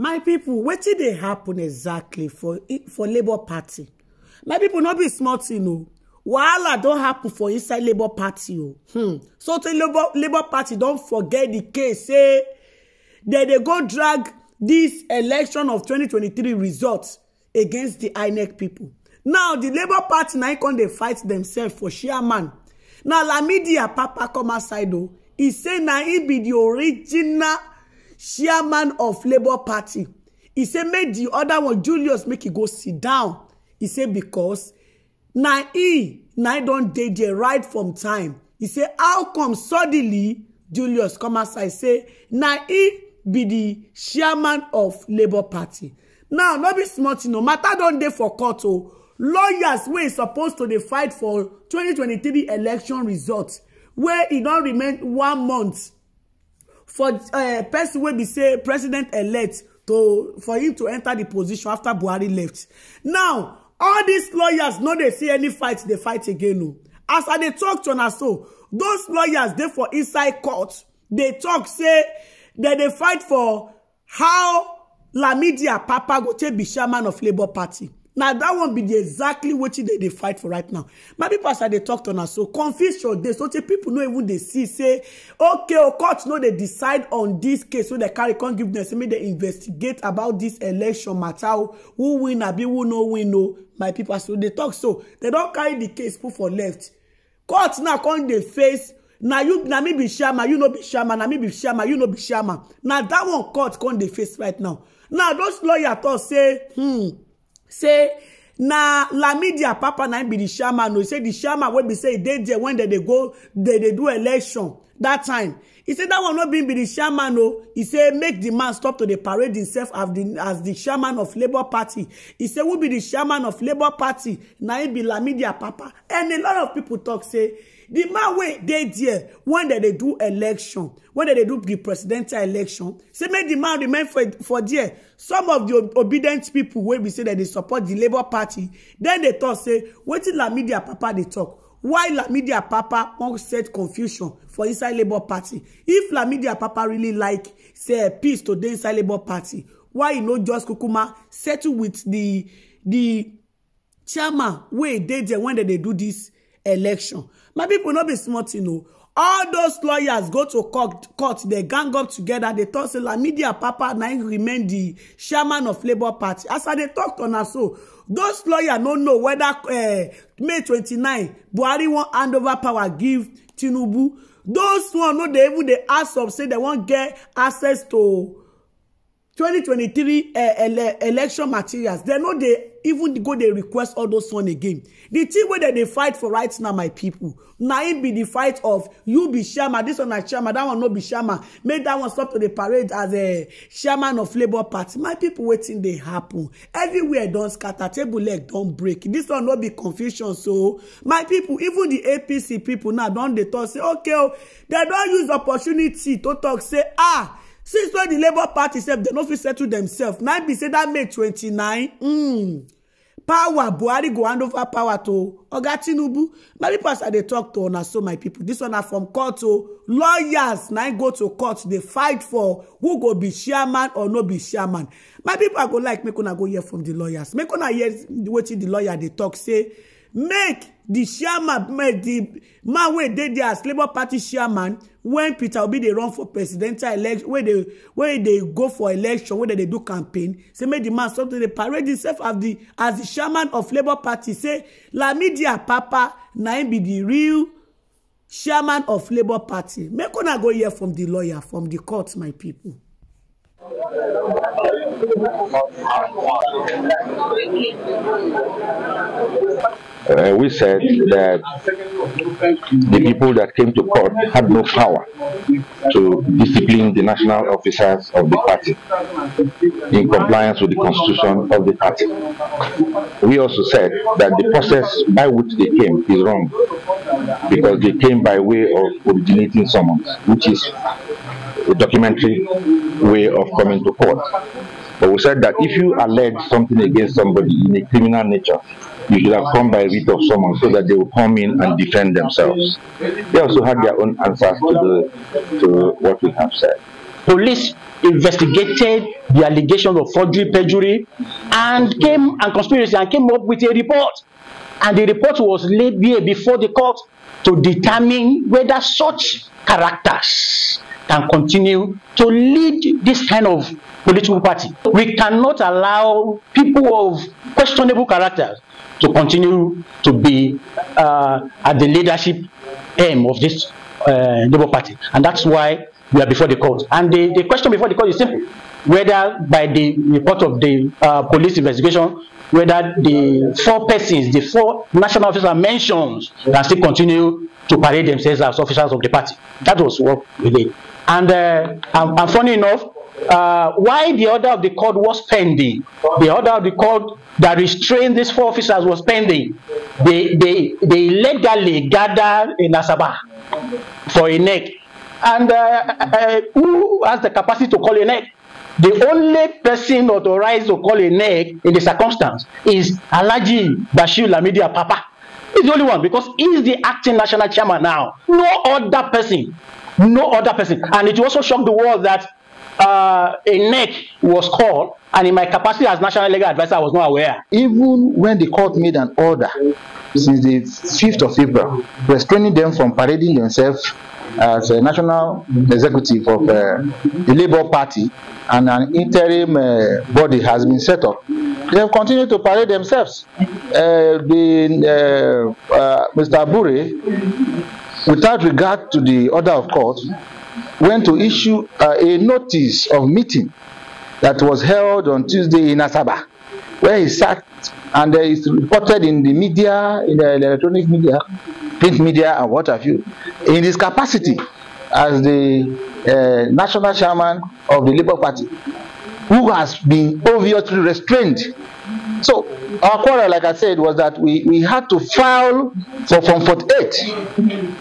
my people, wetin dey happen exactly for for labour party my people, no be small tin o wahala don happen for inside labour party o hmm so to labour Labour party don forget the case say dem dey go drag dis election of 2023 results against di inec pipo now di labour party na con dey fight demsef for chairman na lamidi apapa come outside o e say na im be di original chairman of labour party he say make the other one julius make he go sit down He say because na he na e don dey there right from time He say how come suddenly julius come outside say na he be the chairman of labour party now no be small tin o mata don dey for court o lawyers wey e suppose to dey fight for 2023 election results wey e don remain one month for a eh, person wey be say president elect to for him to enter the position after buhari left now all these lawyers no dey see any fight dey fight again o oh. as i dey tok to una so those lawyers dey for inside court dey talk say dem dey fight for how lamidi apapa go take be chairman of labour party Now that one be the exactly wetin they dey fight for right now my people as they dey tok to na so confusion dey so say pipo no even dey see say okay o oh, court no they decide on this case So they carry come give them. say make dem investigate about this election matter who win abi who no win o my people. So they talk. so they don't carry the case put for left court now come dey face Now you now me be shaman. you no be shaman. Now me be shaman. you no be shaman. Now that one court come dey face right now now those lawyers talk say hmm say na lamidi papa na be di chairman o say di chairman wey be say e dey there wen dem dey go dey do election that time He said that one not being be the chairman. Oh, he said make the man stop to the parade himself as the as the chairman of Labour Party. He said will be the chairman of Labour Party? Now be Lamidia Papa. And a lot of people talk say the man way dey Dear, when dem they do election when dem they do the presidential election say make the man remain for for dear some of the obedient people wey be say that they support the labour party then they talk say wetin Lamidi Papa they talk why Lamidi Papa wan set confusion for inside Labour Party if Lamidi Papa really like say peace to dey inside Labour Party why e no just kukuma settle with the the chairman wey dey there when dem dey do this election my people no be small thing o oh. all those lawyers go to court court dey gang up together dey talk say Lamidi Apapa na im remain the chairman of Labour Party as i dey talk to una so those lawyers no know whether uh, may 29 buhari won't hand over power give tinubu those one no dey even dey ask of say they won't get access to 2023 uh, eh, ele election materials They know they even go They request all those one again The thing where they they fight for right now my people. Now it be the fight of you be chairman This one na chairman That one no be chairman make that one stop to the parade as a eh, chairman of labour party my people waiting. They happen everywhere Don't scatter table leg don't break This one no be confusion so my people, even the apc people now don't dey tok say okay o oh, dem don use opportunity to talk. say ah since when the labour party sef they no fit settle demsef na be say that may twenty-nine mm, power buhari go hand over power to oga tinubu na pipo as i dey tok to and so my people. This one are from court to oh. lawyers na go to court They fight for who go be chairman or no be chairman my people i go like make una go hear from the lawyers make una hear wetin the lawyer dey talk say make the chairman make the man wey dey there as labour party chairman when peter obi dey run for presidential election wey dey go for election wey dem dey do campaign say make the man stop to dey parade himself as the as the chairman of labour party say lamidia papa na im be the real chairman of labour party make una go hear from the lawyer from the court my pipo uh, we said that the people that came to court had no power to discipline the national officers of the party in compliance with the constitution of the party. We also said that the process by which they came is wrong because they came by way of originating summons, which is a documentary way of coming to court. But we said that if you allege something against somebody in a criminal nature, you should have come by writ of someone so that they will come in and defend themselves. They also had their own answers to, the, to what we have said. Police investigated the allegations of forgery, perjury, and came and conspiracy and came up with a report. And the report was laid here before the court to determine whether such characters can continue to lead this kind of political party. We cannot allow people of questionable characters to continue to be uh, at the leadership aim of this uh, Labour Party. And that's why we are before the court. And the, the question before the court is simple. Whether by the report of the uh, police investigation, whether the four persons, the four national officers mentioned can still continue to parade themselves as officers of the party. That was what we did. And, uh, and, and funny enough, uh, the order of the court was pending, the order of the court that restrained these four officers was pending, they, they, they legally gathered in Asaba for a neck. And uh, uh, who has the capacity to call a neck? The only person authorized to call a neck in the circumstance is Alaji Bashir Lamidia Papa. He's the only one because he's the acting national chairman now. No other person. No other person. And it also shocked the world that uh, a neck was called, and in my capacity as national legal advisor, I was not aware. Even when the court made an order since the 5th of April, restraining them from parading themselves as a national executive of uh, the Labour Party, and an interim uh, body has been set up. They have continued to parade themselves. Uh, uh, uh Mr. Bure, without regard to the order of court, went to issue uh, a notice of meeting that was held on Tuesday in Asaba, where he sat and uh, it's reported in the media, in the electronic media, print media, and what have you, in his capacity as the uh, national chairman of the Labour Party, who has been obviously restrained So our quarrel, like I said, was that we, we had to file for from 48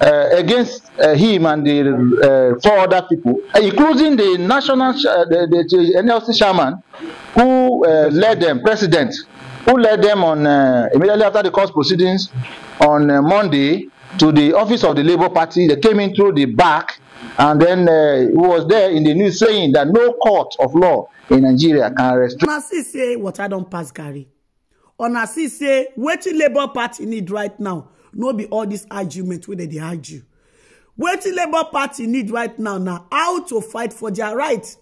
uh, against uh, him and the uh, four other people, including the national uh, the, the, NLC chairman who uh, led them, president, who led them on uh, immediately after the court proceedings on Monday to the office of the Labour Party. They came in through the back, and then uh, he was there in the news saying that no court of law in nigeria can restrict. una see say water don pass garri una see say wetin labour party need right now no be all this argument wey they dey argue wetin labour party need right now now how to fight for their rights.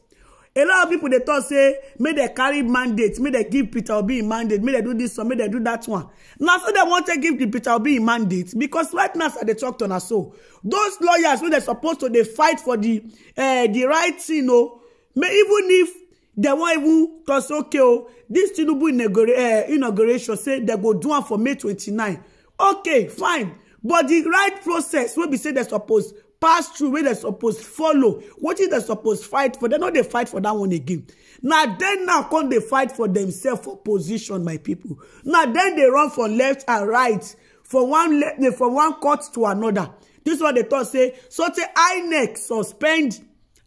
a lot of people they talk say may they carry mandates, may they give peter obi mandate may they do this one may they do that one Now so they want to give di peter obi mandate because right now they talk to na so those lawyers when they're supposed to they fight for the di eh, right thing oh, may even if dem wan even tok say okay o oh, dis tinubu eh, inauguration say dem go do am for may twenty-nine. okay fine but di right process wey be say dem suppose pass through wey dem suppose follow wetin dem suppose fight for dem no dey fight for dat one again na dem now come dey fight for demsef for position my pipo na dem dey run from left and right from one eh, from one court to another. dis one dey tok say sotey inec suspend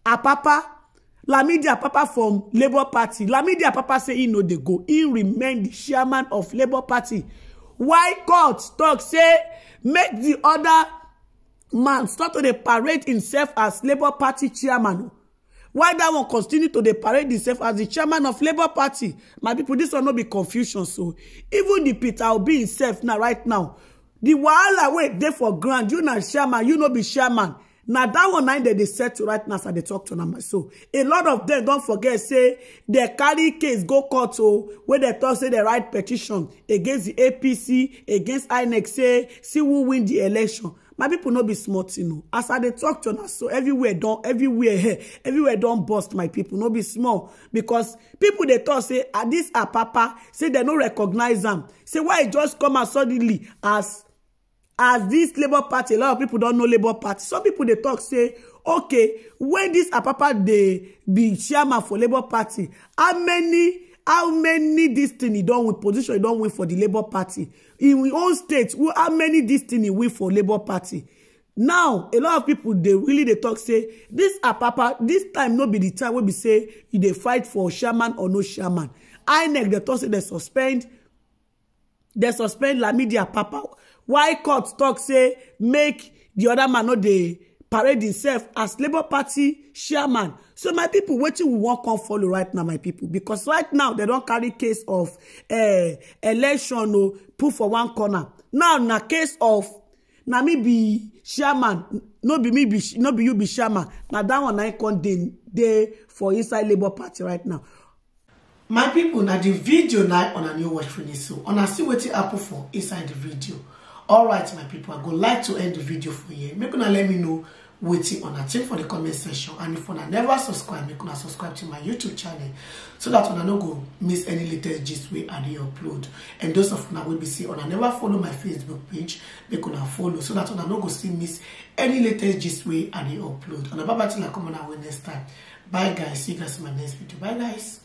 apapa media papa from labour party media papa say he no dey go He remain the chairman of labour party Why court talk say make the other man start to dey parade himself as labour party chairman Why that one continue to dey parade himself as the chairman of labour party my people, this will not be confusion so even the peter will be himself now. right now the wahala wey they for ground you not chairman you no be chairman Now that one na they dey to right now as i dey tok to am so a lot of them don't forget say dem carry case go court so oh, wey they tok say they write petition against the apc against inec say see who win the election my people not be smart, you oh. know. as i dey tok to am so everywhere don't everywhere here eh, everywhere don't bust my people, not be small because people they tok say are ah, these are Papa say they no recognize them. say why e just come out suddenly as as this labour party a lot of people don't know labour party some people they talk say okay wen dis apapa they be chairman for labour party how many how many destiny don't e win position don't win for the labour party in im own state how many destiny win for labour party now a lot of people they really they talk say dis apapa this time no be the time wey be say they fight for chairman or no chairman I inec dey talk say they suspend they suspend lamidi Papa why court talk say make the other man no dey parade himself as labour party chairman so my people, wetin we wan come follow right now my people? Because right now dem don carry case of eh, election o oh, put for one corner now na case of na me be chairman no be me be no be you be chairman na that one na con dey for inside labour party right now my pipo na di video na on a new watch finish so on a see wetin happen for inside di video All right, my people. i would like to end the video for here make una let me know on una think for the comment section and if una never subscribe make una subscribe to my youtube channel so that you don't go miss any latest gist we are the upload and those of una will be say una never follow my facebook page make una follow so that you don't go still miss any latest gist we are the upload una bye bye till i come on our next time bye guys see you guys in my next video bye guys